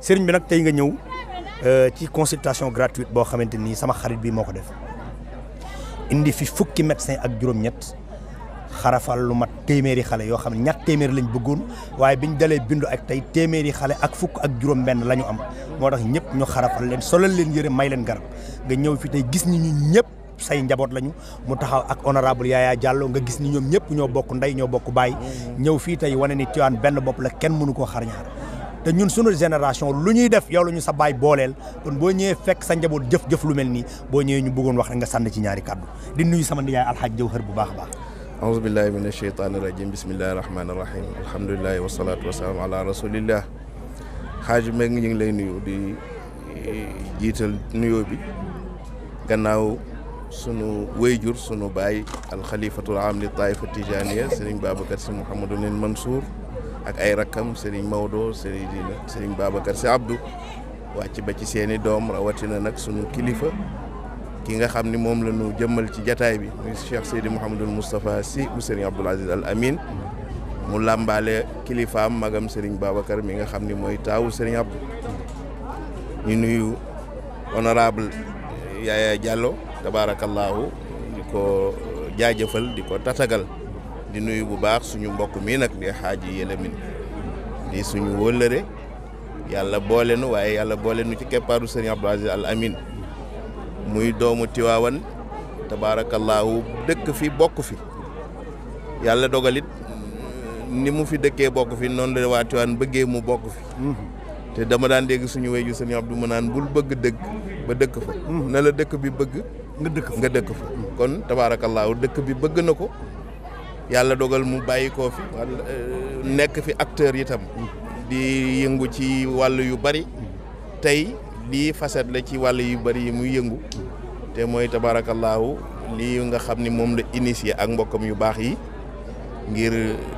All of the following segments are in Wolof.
serigne bi nak tay nga euh ci consultation gratuite bo xamanteni sama xarit bi moko def indi fi fukki médecin ak juroom ñet xarafal lu mat téméri xalé yo xamni ñat téméri lañ bëggoon waye biñu dalé bindu ak tay téméri xalé ak fukk ak juroom ben lañu am moo tax ñëpp ñu xarafal leen solal leen yëre may leen garab nga ñew fi tay gis ni ñu ñepp say njabot lañu mu taxaw ak honorable Yaya Diallo nga gis ni ñom ñepp ño bokk nday ño bokk bay mm. ñew fii tay wané ni tiwan benn bop la kenn mënu ko xarñaar te ñun sunu génération lu ñuy def yow la ñu sa baay booleel kon boo ñëwee fekk sa njaboot jëf jëf lu mel nii boo ñëwee ñu bëggoon wax rek nga sànni ci ñaari kàddu di nuyu sama ndiyaay alxaaj jawhër bu baax a baax aouzu billahi min asheytaani rajim bismillahi rahmaani rahim alhamdulilahi wasalaatu wasalaam ala rasulillah xaaju meeg ñu lay nuyu di jiital nuyoo bi gannaaw sunu wéyjur sunu baay alxalifatul am li taifa tijaniya sëriñ babacar si mouhamadou nin mansour ak ay rakkam Serigne Maodo Serigne Serigne Babacar Sy Abdou ba ci seeni doom rawatina nag sunu kilifa ki nga xam ni moom la ñu jëmmal ci jataay bi muy Cheikh Seydi Mouhamadul Moustapha Sy bu Serigne Aziz Al Amin mu làmbaale kilifaam magam sëriñ babakar mi nga xam ni mooy taawu Serigne Abdou ñu nuyu honorable Yaya Diallo tabaarakallaahu di ko jaajëfal di ko tatagal di nuyu bu baax suñu mbokk mii nag di xaaji Yellamine di suñu wëllëre yàlla boole waaye yàlla boole nu ci keppaaru sëriñ Abdou Aziz Al Amin muy doomu Tiwaawan tabaarakallaahu dëkk fi bokk fi yàlla dogalit ni mu fi dëkkee bokk fi noonu la waa Tiwaawan bëggee mu bokk fi te dama daan dégg suñu wéju sëriñ Abdou mu naan bul bëgg dëkk ba dëkk fa mm-hmm. na la dëkk bi bëgg nga dëkk fa kon tabaarakallaahu dëkk bi bëgg na ko yàlla dogal mu bàyyi koo fi euh, nekk fi acteur yitam di yëngu ci wàll yu bari tey lii facette la ci wàll yu bari yi muy yëngu te mooy tabaarakallaahu li nga xam ni moom la initié ak mbokkam yu baax yi ngir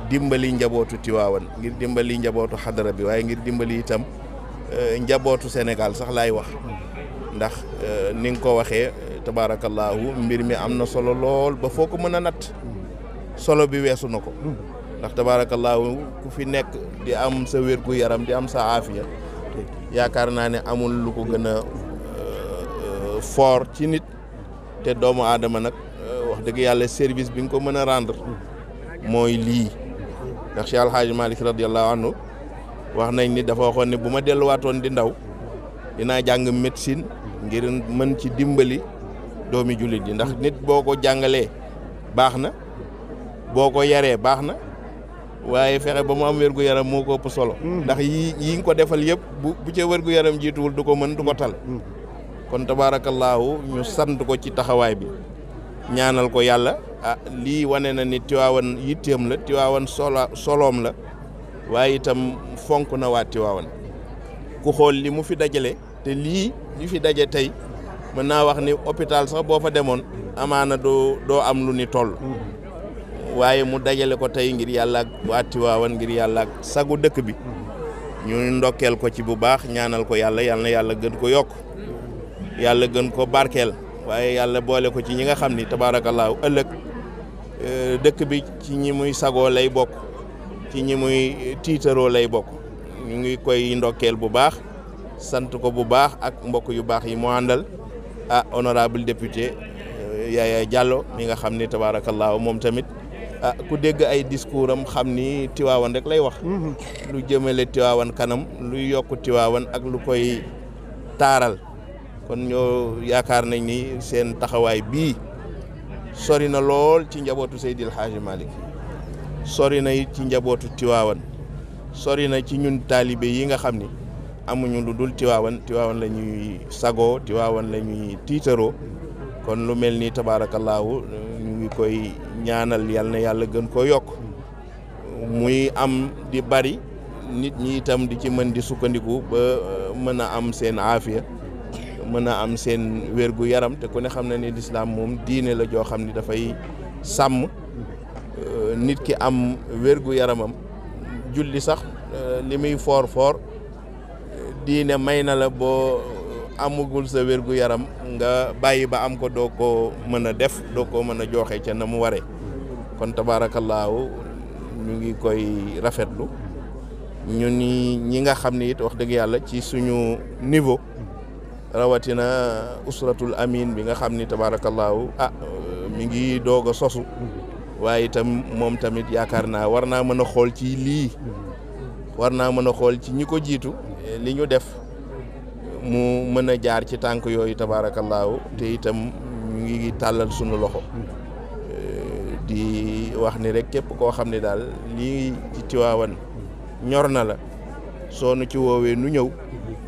dimbali njabootu Tiwaawan ngir dimbali njabootu xadara bi waaye ngir dimbali itam euh, njabootu Sénégal sax laay wax ndax euh, ni ko waxee tabaarakallaahu mbir mi am na solo lool ba foo ko mën a natt solo bi weesu na ko ndax tabaarakallaahu ku fi nekk di am sa wérgu yaram di am sa afiya yaakaar naa ne amul lu ko gën a euh, euh, fort ci nit te doomu aadama nag euh, wax dëgg yàlla service bi nga ko mën a rendre mooy lii ndax Cheikh Alhaaji Malick radiallahu anhu wax nañ ni dafa waxoon ne bu ma delluwaatoon di ndaw dinaa jàng médecine ngir mën ci dimbali doomi jullit yi ndax nit boo ko jàngalee baax na boo ko yaree baax na waaye fexe ba mu am wérgu yaram moo ko ëpp mm. ndax yi yi nga ko defal yëpp bu bu ca wérgu yaram jiituwul du ko mën du ko tal. Mm. kon tabaarakallaahu ñu sant ko ci taxawaay bi ñaanal ko yàlla ah lii wane na ni Tiwaawan yitteem la Tiwaawan solo soloom la waaye itam fonk na waa Tiwaawan ku xool li mu fi dajale te lii ñu fi daje tey mën naa wax ni hôpital sax boo fa demoon amaana doo doo am lu ni toll. Mm-hmm. waaye mu dajale ko tey ngir yàlla ak waa ngir yàlla ak sagu dëkk bi ñu ndokkeel ko ci bu baax ñaanal ko yàlla yal na yàlla gën ko yokk yàlla gën ko barkeel waaye yàlla boole ko ci ñi nga xam ni tabaarakallaahu ëllëg e, dëkk bi ci ñi muy sagoo lay bokk ci ñi muy tiitaroo lay bokk ñu ngi koy ndokkeel bu baax sant ko bu baax ak mbokk yu baax yi mu àndal ah honorable député e, Yaya Diallo mi nga xam ni tabaarakallaahu moom tamit a ah, ku dégg ay discours am xam ni Tiwaawan rek lay wax. Mhm. lu jëmale Tiwaawan kanam lu yokk Tiwaawan ak lu koy taaral kon ñoo yaakaar nañ ni seen taxawaay bii sori na lool ci njabootu Seydil Hadji Malick sori na ci njabootu Tiwaawan sori na ci ñun taalibe yi nga xam ni amuñu lu dul Tiwaawan Tiwaawan la ñuy sagoo Tiwaawan la ñuy tiitaroo kon lu mel ni tabaarakallaahu koy ñaanal yal na yàlla gën koo yokk muy am di bari nit ñi itam di ci mën di sukkandiku ba uh, mën a am seen aafiya mën a am seen wér gu yaram te ku ne xam na ni lislaam moom diine la joo xam ni dafay sàmm uh, nit ki am wér gu yaramam julli sax uh, li muy foor foor diine may na la boo amugul sa wér gu yaram nga bàyyi ba am ko doo ko mën a def doo ko mën a joxe ca na mu waree kon tabaarakallaahu ñu ngi koy rafetlu ñu ni ñi nga xam ne it wax dëgg yàlla ci suñu niveau rawatina usratul amin bi nga xam ni tabaarakallaahu ah mi ngi doog a sosu waaye itam moom tamit yaakaar naa war naa mën a xool ci lii war naa mën a xool ci ñi ko jiitu li ñu def mu mën a jaar ci tànk yooyu tabaarakallaahu te itam ñu ngi tàllal sunu loxo eh, di wax ni rek képp koo xam ne daal nii ci Tiwaawan ñor na la soo nu ci woowee nu ñëw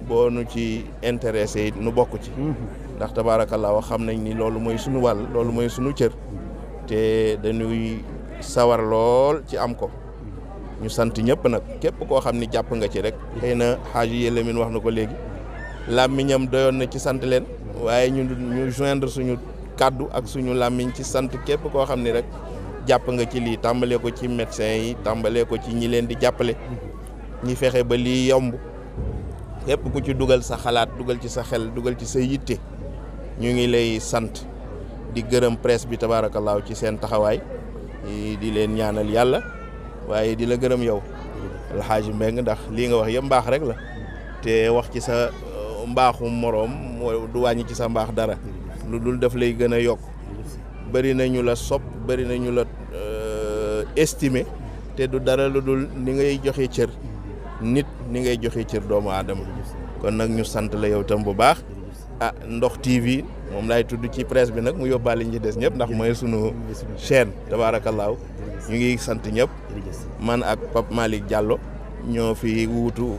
boo nu ci intéressé nu bokk ci ndax tabaarakallaahu xam nañ ni loolu mooy sunu wàll loolu mooy sunu cër te dañuy sawar lool ci am ko ñu sant ñëpp nag képp koo xam ni jàpp nga ci rek xëy na xaaju Yellamine wax na ko léegi làmmiñam doyoon na ci sant leen waaye ñu ñu joindre suñu kàddu ak suñu làmmiñ ci sant képp koo xam ni rek jàpp nga ci lii tàmbalee ko ci médecins yi tàmbalee ko ci ñi leen di jàppale ñi fexe ba lii yomb képp ku ci dugal sa xalaat dugal ci sa xel dugal ci sa yitte ñu ngi lay sant di gërëm presse bi tabaarakallaahu ci seen taxawaay di leen ñaanal yàlla waaye di la gërëm yow alxaaji Mbeng ndax lii nga wax yëpp mbaax rek la te wax ci sa mbaaxu moroom moo du wàññi ci sa mbaax dara lu dul daf lay gën a yokk bëri nañu la sopp bëri nañu la euh, estimer te du dara lu dul ni ngay joxe cër nit ni ngay joxe cër doomu aadama kon nag ñu sant la yow tam bu baax ah Ndokh TV moom laay tudd ci presse bi nag mu yóbbaale ñi ci des ñëpp ndax mooy sunu chaîne tabaarakallaahu ñu ngi sant ñëpp man ak Pape Malick Diallo ñoo fi wuutu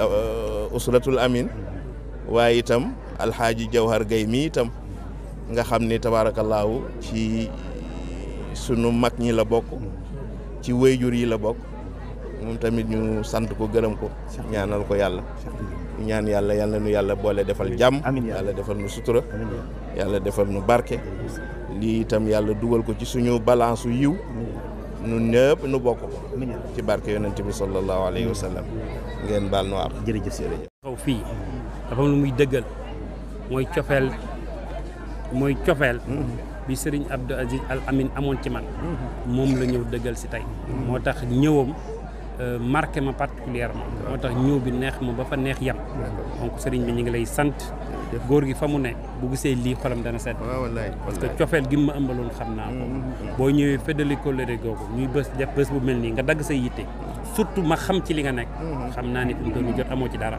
euh, usratul amin waaye itam alxaaji Jawhar Gaye mi itam nga xam ni tabaarakallaahu ci sunu mag ñi la bokk ci wéyjur yi la bokk moom tamit ñu sant ko gërëm ko ñaanal ko yàlla ñaan yàlla yàlla nu yàlla boole defal jàmm yàlla defal nu sutura yàlla defal nu barke lii itam yàlla dugal ko ci suñu balance yu yiw nu ñëpp nu bokk ko ci barke yonent bi sallallahu alayhi wa sallam ngeen baal nu am dafa am lu muy dëggal mooy cofeel mooy cofeel bi sëriñ Abdou Aziz Al Amin amoon ci man moom la ñëw dëggal si tey moo tax ñëwam euh, marqué ma particulièrement moo tax ñëw bi neex ma ba fa neex yam donc sëriñ bi ñu ngi lay sant góor gi fa mu ne bu gisee lii xolam dana set parce que cofeel gi ma ëmbaloon xam naa ko mm-hmm. boo ñëwee feddali kóllëre googu ñuy bés def bés bu mel nii nga dagg say yitte surtout ma xam ci li nga nekk mm-hmm. xam naa ni fi mu toll jot amoo ci dara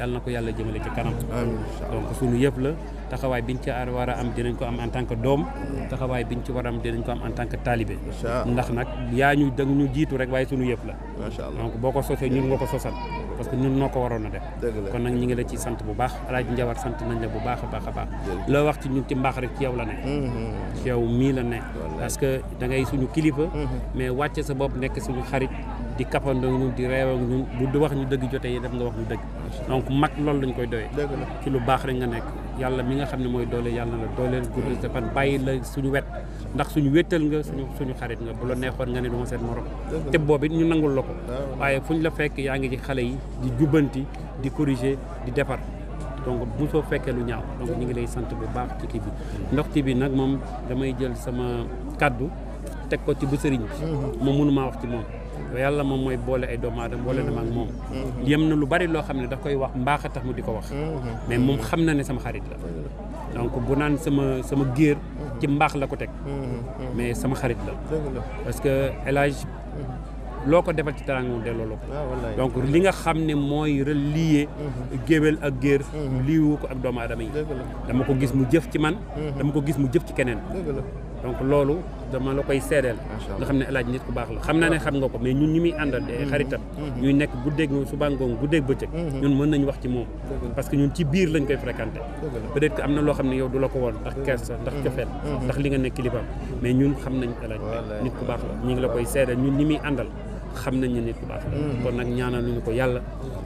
yàlla na ko yàlla jëmale ci kanam donc suñu yëpp la taxawaay biñ ci war a am dinañ ko am en tant que doom taxawaay biñ ci war a am dinañ ko am en tant que talibé ndax nag yaa ñu da ñu jiitu rek waaye suñu yëpp la donc boo ko sosee ñun nga ko sosal parce que ñun noo ko waroon a def kon nag ñi ngi la ci sant bu baax alaaji njawar sant nañ la bu baax a baax a loo wax ci ñun ci mbaax rek ci yow la ne mm-hmm. ci yow mii la ne parce que da suñu kilifa mm-hmm. di kapandoo ñun di reew ñun bu wax ñu dëgg jotee yi def nga wax ñu dëgg donc mag loolu lañ koy doyee ci lu baax rek nga nekk yàlla mi nga xam ne mooy doole yàlla la dooleel guddal sa fan bàyyi la suñu wet ndax suñu wéttal nga suñu suñu xarit nga bu la neexoon nga ne du ma seen morom te boobu it ñu nangul la ko ah, waaye fu ñu la fekk yaa ngi ci xale yi di jubbanti di corriger di defar donc bu soo fekkee lu ñaaw donc ñu ngi lay sant bu baax ci kii bi ndox ti bi nag moom damay jël sama kàddu teg ko ci bu sëriñ bi moom mm-hmm. wax ci moom yàlla moom mooy boole ay doomu aadama boole na ma ak moom. Mm-hmm. yem na lu bari loo xam ne daf koy wax mbaax a tax mu di ko wax. Mm-hmm. mais moom xam na ne sama xarit la. donc bu naan sama sama géer. Mm-hmm. ci mbaax la ko teg. mais sama xarit la. parce que El Hadj loo ko defal ci teraanga mu delloo ah, donc li nga xam ne mooy relier. géwél ak géer. liiwu ko ak doomu aadama yi. dama ko gis mu jëf ci man. dama ko gis mu jëf ci keneen. donc loolu dama la koy seedeel nga xam ne alaaj nit ku baax la xam naa ne xam nga ko mais ñun ñi muy àndal de xaritam ñuy nekk guddeeg su suba ngoon guddeeg bëccëg ñun mën nañ wax ci moom parce que ñun ci biir lañ koy fréquenté peut être que am na loo xam ne yow du la ko woon ndax kersa ndax cofeel ndax li nga nekk kilifaam mais ñun xam nañ alaaj nit ku baax la ñu ngi la koy seedeel ñun ñi muy àndal xam nañ ne nit mm-hmm. kon nag ñaanal ñu ko yàlla.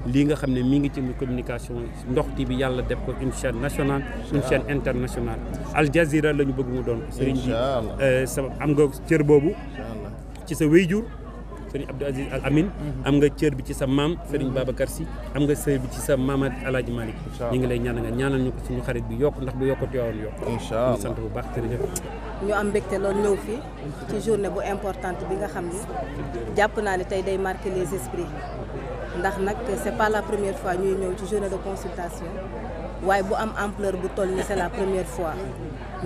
lii nga xam ne mi ngi ci communication ndox ti bi yàlla def ko une chaîne nationale. une chaîne internationale. Al Jazeera la ñu bëgg mu doon. sëriñ bi euh, sama am nga cër boobu. ci sa wéyjur. Serigne Abdou Aziz Al Amin am nga cër bi ci sa maam Serigne Babacar am nga cër bi ci sa maamaat Alaaji Malick ñu ngi lay ñaanal nga ñaanal ñu ko suñu xarit bi yokk ndax bu yokk teewoon yokk ñu sant bu baax jërëjëf fii ci journée bu importante bi nga xam jàpp naa ne tey day marquer les esprits ndax nag c'est pas la première fois ñuy ñëw ci journée de consultation waaye bu am ampleur bu toll ni c'est la première fois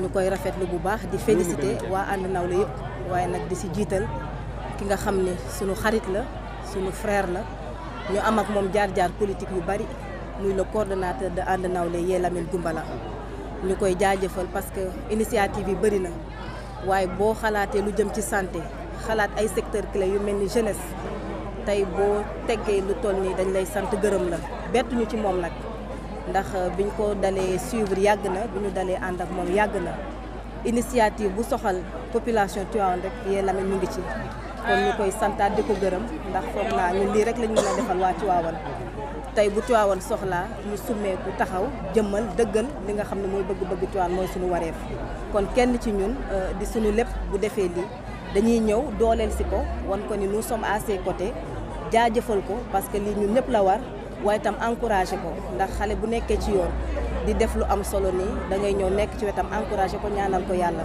ñu koy rafetlu bu baax di féliciter waa ànd nawle yëpp waaye nag di si jiital ki nga xamné suñu xarit la suñu frère la ñu am ak mom jaar-jaar politique yu bari muy le coordinateur de andanawle ye lamel gumbala Goumbala ñu koy jaajëfal parce que initiative yi bari na waaye bo xalaté lu jëm ci santé xalaat ay secteur clé yu melni jeunesse tay bo téggé lu toll ni dañ lay sant gëreum la bettu ñu ci mom nak ndax euh, biñ ko dalé suivre yag na biñu dalé and ak mom yag na initiative bu soxal population Tivaouane rek ye lamel mu ngi ci kon ñu koy santaat di ko gërëm ndax foog naa ñun lii rek lañ mën a defal waa Tiwaawan tey bu Tiwaawan soxlaa ñu summeeku taxaw jëmmal dëggal li nga xam ne mooy bëgg-bëgg Tiwaawan mooy suñu wareef kon kenn ci ñun euh, di suñu lépp bu defee lii dañuy ñëw dooleel si ko wan ko ni lu sommes à ses jaajëfal ko parce que lii ñun ñëpp la war waaye itam encouragé ko ndax xale bu nekkee ci yoon di def lu am solo nii da ñëw nekk ci wetam encouragé ko ñaanal ko yàlla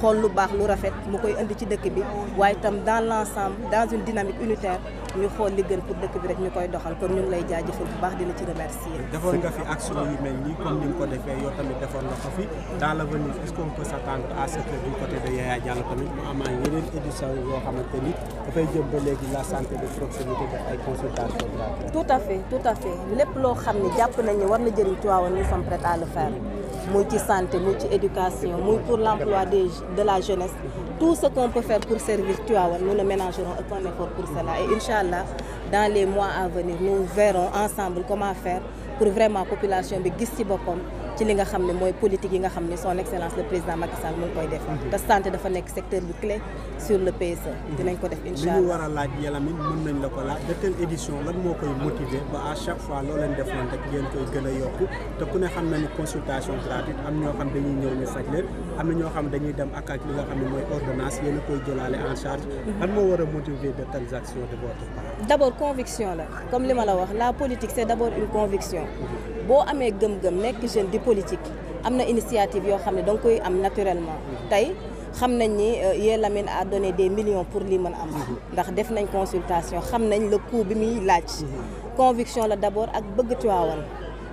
xool lu baax lu rafet mu koy indi ci dëkk bi waaye itam dans l' ensemble dans une dynamique unitaire ñu xool li gën pour dëkk bi rek ñu koy doxal kon ñu ngi lay jaajëfal bu baax dina ci remercier. defoon nga fi action yu mel nii comme ni nga ko defee yow tamit defoon nga ko fi dans l' avenir est ce qu' on peut s' attendre à ce que du côté de Yaya Diallo tamit mu amaat yeneen édition yoo xamante ni dafay jëm ba léegi la santé de proximité def ay consultations gratuites. tout à fait tout à fait lépp loo xam ne jàpp nañu war na jëriñ Tivaouane ñu sommes prêts à le faire multisante, santé éducation pour l'emploi de la jeunesse tout ce qu'on peut faire pour servir Tivaouane nous ne ménagerons aucun effort pour cela et inchallah dans les mois à venir nous verrons ensemble comment faire pour vraiment la population de Gistibokom ci li nga xam ne mooy politique yi nga xam ne son excellence le président Macky Sall mu ngi koy def. Mhm. te santé dafa nekk secteur bu clé sur le PSE. Mhm. dinañ ko def incha allah li ñu war a laaj Ylamine mën nañ la ko laaj de telle édition lan moo koy motiver ba à chaque fois loo leen defoon rek ngeen koy gën a yokku te ku ne xam na ni consultation gratuite am ñoo xam dañuy ñëw ñu faj leen am na ñoo xam dañuy dem ak ak li nga xam ne mooy ordonnance yéen a koy jëlaale en charge. Mhm. lan moo war a motiver de telles actions de votre part. d' abord conviction la comme li ma la wax la politique c' est d' abord une conviction boo amee gëm-gëm nekk jeune di politique am initiative yo xam ne da koy am naturellement tey xam nañ ni euh, yee Lamine a donné des millions pour li mën am ndax def nañ consultation xam nañ le coup bi muy laaj mhm. conviction la d'abord ak bëgg Tivaouane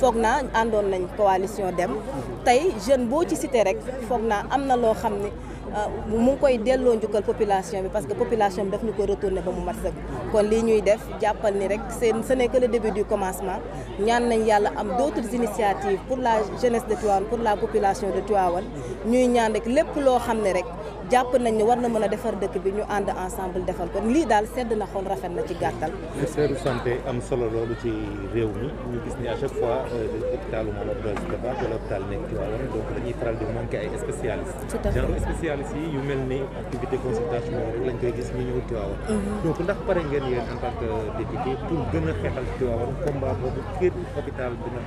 foog naa àndoon coalition dem tay jeune bo ci cité rek foog amna lo na loo euh, mu koy delloo population bi parce que population bi daf ñu ko retourner ba mu mat kon li ñuy def jàppal ni rek seen ce n'est que le début du commencement ñaan nañ yalla am d'autres initiatives pour la jeunesse de Tivaouane pour la population de Tuaone. ñuy ñaan rek lepp lo xam rek jàpp nañ ne war na mën a defar dëkk bi ñu ànd ensemble defal ko lii daal sedd na xol rafet na ci gàttal. seeru santé am solo ci réew mi ñu gis ni à euh, yu mel ni activité consultation rek lañ gis ñu ñëw ci wàllam. Mhm. donc ndax pare a xeexal ci wàllam combat boobu xamante ne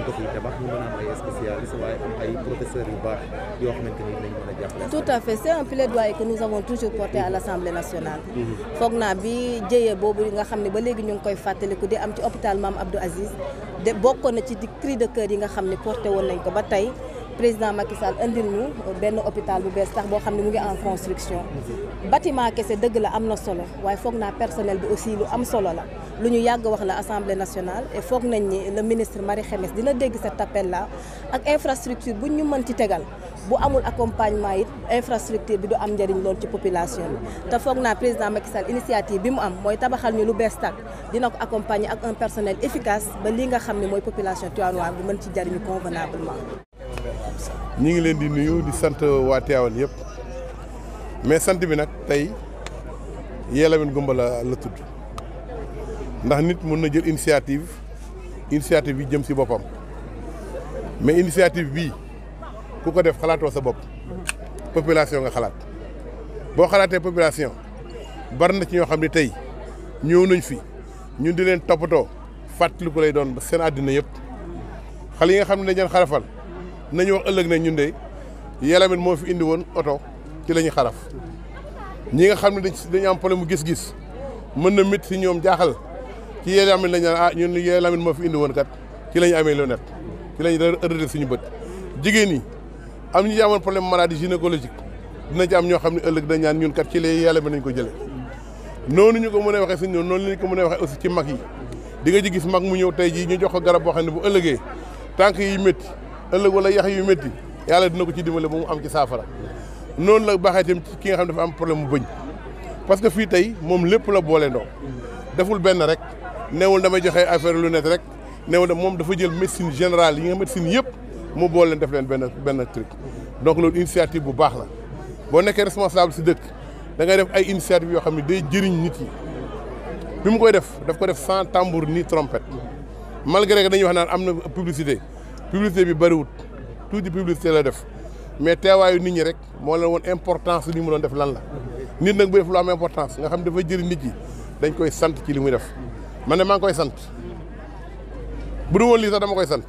ñu mën a am ay spécialistes waaye ay professeurs yu baax yoo xamante ni dinañ mën a jàppale. c'est un plaidoyer que nous avons toujours porté à l'Assemblée nationale mhm. foog naa djeyé bobu boobu nga xamné ba légui ñu ngi koy fàttaliku di am ci hôpital Maam Abdou Aziz de bokkoon ci di cri de cœur yi nga xamné porté won nañ ko ba tay président Macky Sall andil ñu benn hôpital bu bess tax bo xamné mu ngi en construction mhm. bâtiment kese deug la amna na solo waaye foog personnel bi aussi lu am solo la lu ñu yag wax la assemblée nationale et foog nañ ni le ministre Marie Khemesse dina dégg cet appel là ak infrastructure bu ñu mën ci tégal bu amul accompagnement it infrastructure bi du am njëriñ lool ci population bi te foog naa président Macky Sall initiative bi mu am mooy tabaxal ñu lu bees tàkk dina ko accompagner ak un personnel efficace ba li nga xam ne mooy population Tivaouane Peulh bi mën ci jëriñu convenablement. ñi ngi leen di nuyu di sant waa Tivaouane yëpp mais sant bi nag tey Yellamine Gumba la la tudd ndax nit mun na jël initiative initiative bi jëm si boppam mais initiative bii. kuko def xalaato sa bop population nga xalaat bo xalaate population barna ci ñoo xamni tay tey nañ fi ñu di leen topato fatlu ko lay doon ba seen adina yépp xal yi nga xamni dañu xarafal nañu wax ne ñun de min mo fi indi woon auto ci lañu xaraf ñi nga xamni dañu am problème gis-gis mën na mit ci ñoom jaaxal ci yelamit min lañu ah ñun min mo fi indi woon kat ci lañu amé lu net ci lañu suñu bëtt jigéen am ñu ci amoon problème maladie gynécologique dina ci ñoo xam ne ëllëg dañ ñaan ñun kat ci lay yàlla mën nañ ko jëlee noonu ñu ko mën a waxee si ñoom noonu lañ ko mën a waxee aussi ci mag yi di nga ci gis mag mu ñëw tey jii ñu jox ko garab boo xam ne bu ëllëgee tànk yi métti ëllëg wala yax yu métti yàlla dina ko ci dimbale ba mu am ci saafara noonu la baaxee tamit ci ki nga xam ne dafa am problème mu bëñ parce que fii tey moom lépp la boole ndoo deful benn rek neewul damay joxe affaire lunette rek neewul moom dafa jël médecine générale yi nga médecine yëpp mu boole leen def leen benn benn truc donc loolu initiative bu baax la boo nekkee responsable si dëkk dangay ngay def ay initiative yoo xam ne day jëriñ nit yi bi mu koy def daf ko def sans tambour nii trompette malgré que dañuy wax naan am na publicité publicité bi bëriwut tuuti publicité la def mais teewaayu nit ñi rek moo la woon importance li mu doon def lan la nit nag bu def lu am importance nga xam dafay jëriñ nit yi dañ koy sant ci li muy def man ne maa ngi koy sant bu du woon lii sax dama koy sant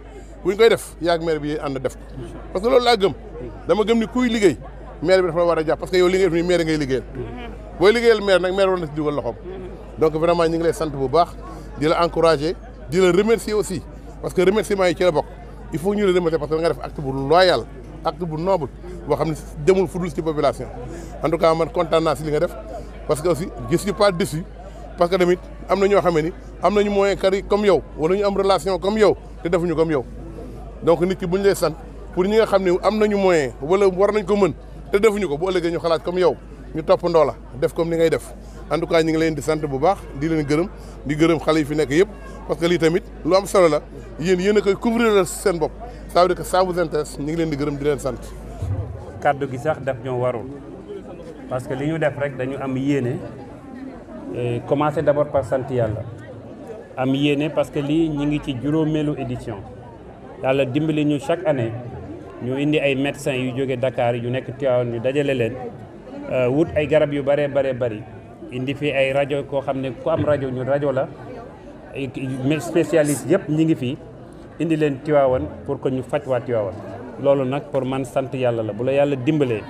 buñ koy def yaak maire bi and def ko parce que loolu laa gëm dama gëm ni kuy liggéey maire bi dafa la war a jàpp parce que yow li ngay def maire ngay liggéeyal booy liggéeyal maire nag maire war na si dugal loxom donc vraiment ñu ngi lay sant bu baax di la encourager di la remercier aussi parce que remerciement yi ci la bokk il faut ñu la remercier parce que nga def acte bu loyal acte bu noble boo xam ne demul fudul ci population en tout cas man content naa si li nga def parce que aussi je suis pas déçu parce que tamit am na ñoo xamee ni am nañu moyen kari comme yow wala ñu am relation comme yow te defuñu comme yow donc nit ki bu lay pour ñi nga xam ne moyen wala war nañ ko mën te defuñu ko bu ëllëgee ñu xalaat comme yow ñu toppandoo la def comme ni ngay def en tout cas nous ngi leen di sant bu baax di leen gërëm di gërëm xale yi fi parce que les tamit lu am solo la yéen yéen a koy couvrir seen bopp ça veut dire que ça vous intéresse ñu ngi leen di gërëm di leen de kàddu gi sax daf ñoo warul parce que li ñu def rek dañu am yéene euh, commencer d'abord par Santiago. yàlla am yéene parce que les ñi ngi ci juróomeelu édition. yàlla dimbali ñu chaque année ñu indi ay médecins yu jóge Dakar yu nekk Tivaouane ñu dajale leen euh, wut ay garab yu bëree bëree bëri indi fi ay rajo koo xam ne ku am rajo ñu rajo la ay spécialiste yëpp ñi ngi fi indi leen Tivaouane pour que ñu faj waa Tivaouane loolu nag pour man sant yàlla la bu la yàlla dimbalee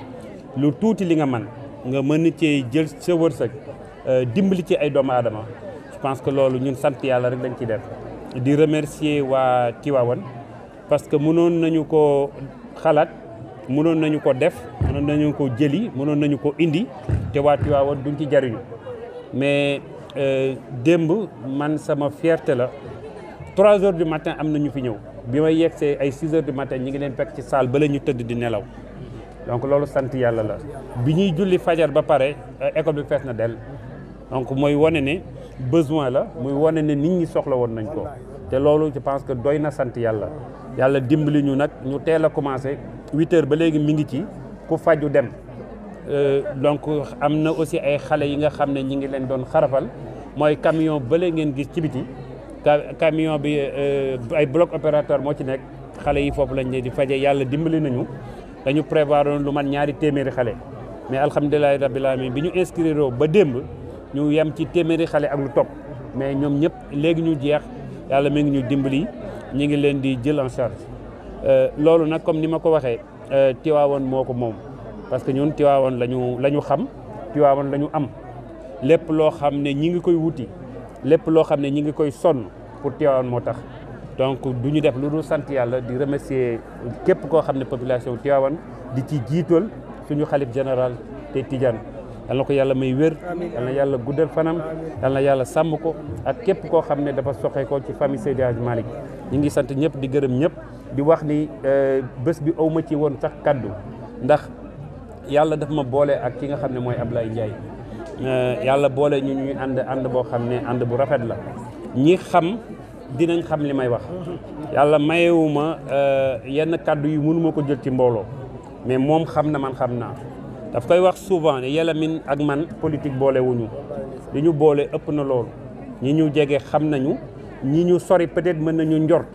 lu tuuti li nga man nga mën cee jël sa wërsëg euh, dimbali ci ay doomu aadama je que loolu ñun sant yàlla rek dañ ci def di remercier waa Tivaouane parce que mënon nañu ko xalat mënon nañu ko def mënon nañu ko jëli mënon nañu ko indi te waa Tiwaawan duñ ci jariñu mais euh demb man sama fierté la 3 heures du matin am nañu fi ñëw bima may ay 6 heures du matin ñi ngi leen pek ci salle ba lañu ñu di nelaw donc lolu sant yalla la biñuy julli fajar ba paré euh, école bi fess na del donc moy woné né besoin la moy woné né nit ñi soxla won nañ ko te loolu je pense que doyna sante yalla yalla dimbali ñu nak ñu téla commencer 8h ba légui mi ngi ci ku faju dem euh donc amna aussi ay xalé yi nga xamné ñi ngi leen doon xarafal moy camion bële ngeen gis ci biti camion bi euh ay bloc opérateur mo ci nek xalé yi foofu lañ leen di faje yalla dimbali nañu dañu prévoir lu man ñaari téméré xalé mais alhamdulilahi rabbil alamin biñu ñu inscrire ba démb ñu yem ci téméré xalé ak lu top mais ñom ñep légui ñu jeex yàlla mi ngi ñu dimbali ñi ngi leen di jël en charge euh, loolu nag comme ni ma ko waxee euh, Tiwaawoon moo ko moom parce que ñun Tiwaawoon lañu la ñu xam Tiwaawoon la am lépp loo xam ne ñi ngi koy wuti lépp loo xam ne ñi ngi koy sonn pour Tiwaawoon moo tax donc du ñu def lu dul sant yàlla di remercier képp koo xam ne population Tiwaawoon di ci jiital suñu xalif général te Tidiane yal ko yàlla may wér yal yàlla guddal fanam yal na yàlla sàmm ko ak képp koo xam ne dafa soxe ko ci famille Seydi Hadji Malick ñu ngi sant ñëpp di gërëm ñëpp di wax ni euh, bés bi awma ci woon sax kàddu ndax yàlla daf ma boole ak ki nga xam ne mooy Ablaye Ndiaye euh, yàlla boole ñu ñuy ànd ànd boo xam ne ànd bu rafet la ñi xam dinañ xam li may wax yàlla mayewu ma euh, yenn kàddu yi mënuma ko jël ci mbooloo mais moom xam na man xam naa daf koy wax souvent ne yàlla min ak man politique boolewuñu li ñu boole ëpp na loolu ñi ñu jege xam nañu ñi ñu sori peut-être mën nañu njor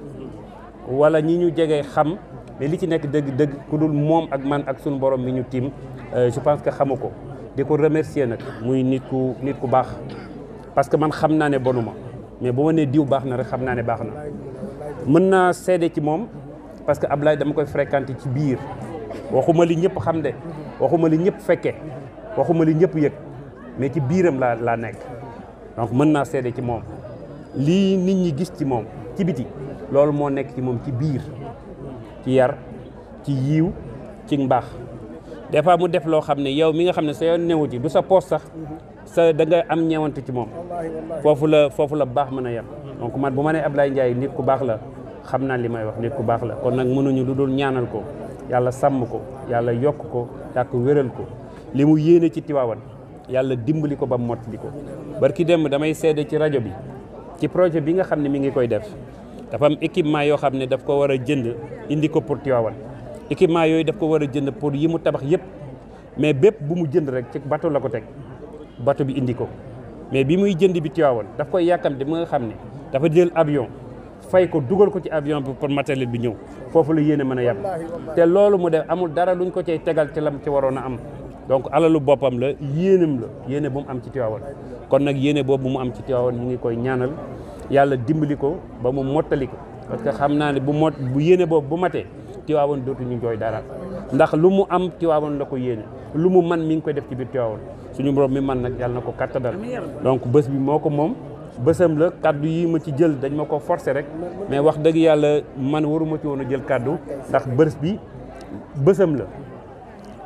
wala ñi ñu jege xam mais li ci nekk dëgg-dëgg ku dul moom ak man ak suñu borom bi ñu tiim euh, je pense que xamu ko di ko remercier nag muy nit ku nit ku baax parce que man xam naa ne bonuma mais bu ma nee diw baax na rek xam naa ne baax na mën naa seede ci moom parce que ab Ablaye dama koy fréquenté ci biir waxuma li ñëpp xam de waxuma li ñëpp fekkee waxuma li ñëpp yëg mais ci biiram laa laa nekk donc mën naa seede ci moom lii nit ñi gis ci moom ci biti loolu moo nekk ci moom ci biir ci yar ci yiiw ci mbaax des fois mu def loo xam ne yow mi nga xam ne sa yoon newu ci du sa poos sax sa da am ñeewante ci moom foofu la foofu la baax mën a yem donc man bu ma ab Ablaye Ndiaye nit ku baax la xam naa li may wax nit ku baax la kon nag mënuñu lu dul ñaanal ko yàlla sàmm ko yàlla yokk ko yàq wéral ko li mu yéene ci Tiwaawan yàlla dimbali ko ba mottali ko barki démb damay seede ci rajo bi ci projet bi nga xam ne mu ngi koy def dafa am équipement yoo xam ne daf ko war a jënd indi ko pour Tiwaawan équipement yooyu daf ko war a jënd pour yi mu tabax yëpp mais bépp bu mu jënd rek ci bato la ko teg bato bi indi ko mais bi muy jënd bi Tiwaawan daf koy yàkkamte mu nga xam ne dafa jël avion fay ko dugal ko ci avion bi pour matériel bi ñëw foofu la yéene mën a yem te loolu mu def amul dara luñ ko cay tegal ci lam ci waroon a am donc alalu boppam la yéenam la yéene bu mu am ci Tiwaawan kon nag yéene boobu mu am ci Tiwaawan ñu ngi koy ñaanal yàlla dimbali ko ba mu mottali parce que xam naa ne bu mot bu yéene boobu bu matee Tiwaawan dootuñu jooy dara ndax lu mu am Tiwaawan la ko yéene lu mu man mi ngi koy def ci biir Tiwaawan suñu borom mi man nag yàlla na ko kattanal donc bés bi moo ko moom. bësam la kàddu yi ma ci jël dañ ma ko forcer rek mais wax dëgg yàlla man waruma ci woon a jël kàddu ndax bërs bi bësëm la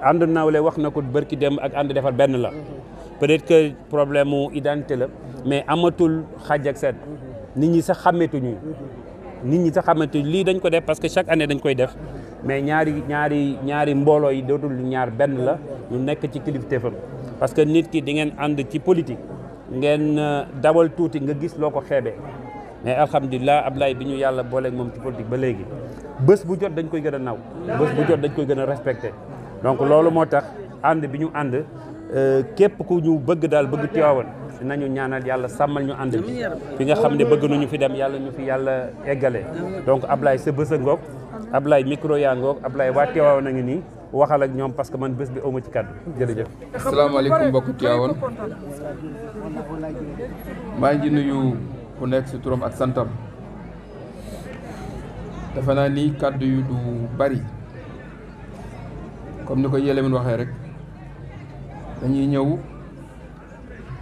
ànd nawle wax na ko bërki dem ak ànd defar benn la peut-être que problème mu identité la mais amatul xaj ak seet nit ñi sax xàmmeetuñu nit ñi sax xàmmeetuñu lii dañ ko def parce que chaque année dañ koy def mais ñaari ñaari ñaari mbooloo yi dootul ñaar benn la ñu nekk ci kilifteefam parce que nit ki di ngeen ànd ci politique ngeen euh, dawal tuuti nga gis loo ko xeebee mais alhamdulilah ablaay bi ñu yàlla booleeg moom ci politique ba léegi bës bu jot dañ koy gën a naw bés bu jot dañ koy gën a respecté donc loolu moo tax ànd bi ñu ànd euh, képp ku ñu bëgg daal bëgg Tiwaawan nañu ñaanal yàlla sàmmal ñu ànd bi fi nga xam ne bëgg nu ñu fi dem yàlla ñu fi yàlla eggale donc Ablaye sa bés a ngoog Ablaye micro yaa ngoog Ablaye waa Tiwaawan a ngi nii waxal ak ñom parce que man bés bi amu ci kàddu jërëjëf. alaykum mbokk tiawon ma ngi nuyu ku nekk ci turam ak santam dafa na ni kàddu yu du bari comme niko yele min waxe rek dañuy ñëw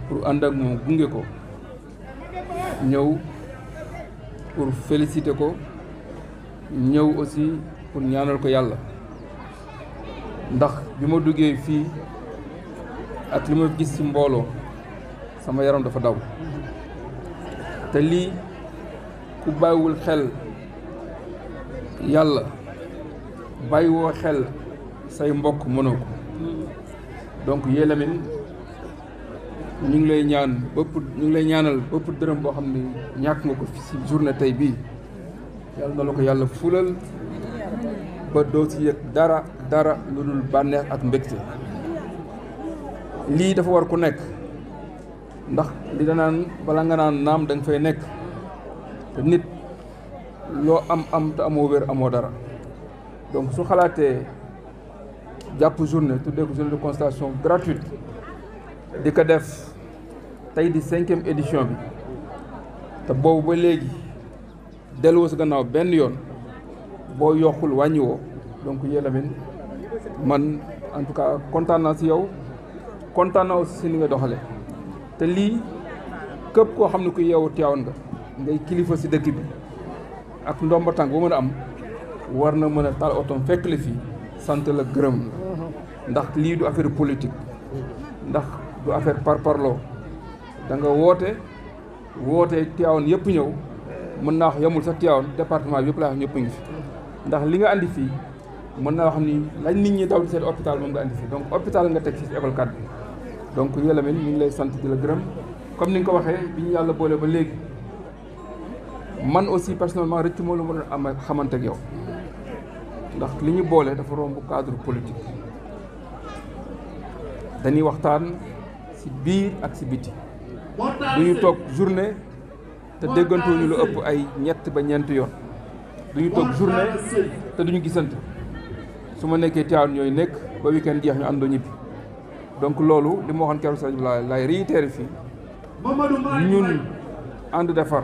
pour and ak mom gungé ko ñëw pour féliciter ko ñëw aussi pour ñaanal ko yalla ndax bima duggé fi ak li gis ci mbolo sama yaram dafa daw té li ku bayiwul xel yalla bayiwo xel say mbokk mënoo ko donc yéelamin ñu ngi lay ñaan bëpp ñu ngi lay ñaanal bëpp dërëm bo xamni ñak nga ko fi journée tay bi yalla na la ko fulal ba doo ci yëg dara dara lu dul bànneex ak mbégte lii dafa war ku nekk ndax li danaan bala nga naan naam da fay nekk te nit loo am am te amoo wér amoo dara donc su xalaatee jàpp journée tuddee ko journée de constation gratuite di ko def tey di cinquième édition bi te boobu ba léegi delluwa si gannaaw benn yoon bo yokul wañu wo donc yélamin man en tout cas content na ci yow content na aussi si ni nga doxale te li kep ko xam ko yow nga ngay kilifa ci dekk bi ak ndomba tang bu meuna am warna meuna tal autom otom fekk la fii sant la gërëm ndax li du affaire politique ndax du affaire parlo da nga wote wote teewoon yëpp ñew mën na wax yemul sax département bi yëpp la wax ngi fi ndax li nga andi fii mën naa wax ni lañ nit ñi daw di seet hôpital moom nga andi fii donc hôpital nga teg fii si école bi donc yow Lamine ngi lay sant di la gërëm comme ni nga ko waxee bi ñu yàlla boole ba léegi man aussi personnellement rëccu ma lu ma doon am xamante yow ndax li ñu boole dafa romb cadre politique dañuy waxtaan si biir ak si biti du ñu toog journée te déggantoo ñu lu ëpp ay ñett ba ñeent yoon. dañuy toog journée te duñu gisante su ma nekkee tiwaan ñooy nekk ba weekend jeex ñu àndoo ñibbi donc loolu li ma waxoon keroog sëñ bi laay laay réitéré fii ñun ànd defar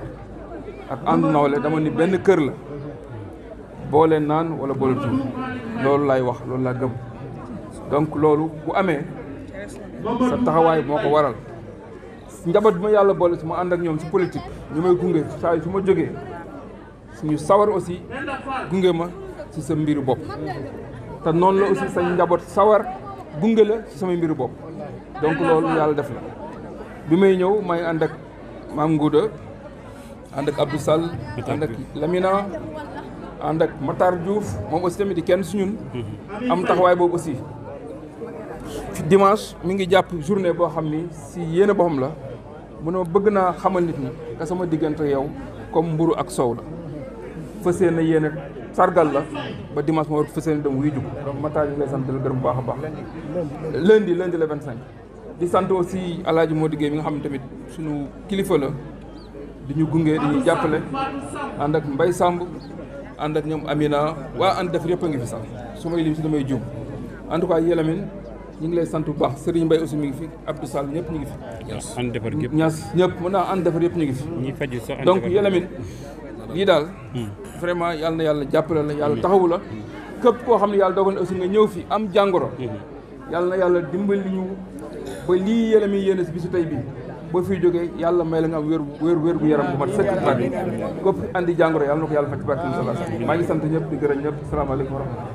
ak ànd nawle dama ni benn kër la boo naan wala boo leen tuur loolu laay wax loolu laa gëm donc loolu bu amee sa taxawaay moo ko waral njaboot bi ma yàlla boole su ma ànd ak ñoom si politique ñu may gunge saa su ma jógee suñu sawar aussi gungé ma ci sa mbiru bop te non la aussi sañ njabot sawar gungé la ci sama mbiru bop donc loolu yalla def la bi may ñëw may and ak mam Ngouda and ak Abdou Sall and ak Lamina and ak Matar Diouf mom aussi tamit di kenn suñun am taxawaay bop aussi ci dimanche mi ngi japp journée bo xamni si yéene boppam la mëno bëgg na xamal nit ni ka sama digënté yow comme mburu ak soow fassiyene yene yéene sargal la ba dimanche mo fassiyene dem wuy jug donc Matar ñu lay sante le gërum baaxa baax lundi lundi le 25 di sante aussi aladji Modou Gueye mi nga xamne tamit suñu kilifa la di ñu gunge di ñu jàppale ànd ak mbay Samb and ak ñom Amina wa and def yepp nga fi sax su lim ci damay juum en tout cas yelamine ñi ngi lay sante bu baax Serigne mbay aussi mi ngi fi Abdou Sall ñepp ñi ngi fi. and defar ñëpp ñaas ñepp mën naa ànd defar yepp ñi ngi fi. ñi faju sax donc yelamine lii dal hmm. vraiment yàlla na yàlla jàppale la yàlla taxawu la képp koo xam ne yàlla dogal na aussi nga ñëw fi am jàngoro yàlla na yàlla dimbali ñu ba lii yéen a mi yéen a si tey bi boo fiy jógee yàlla may la nga am wér wér wér gu yaram bu mat sëkk ba képp andi jàngoro yàlla na ko yàlla faj ci barke maa ngi sant ñëpp di gërëm ñëpp salaamaaleykum wa rahmatulah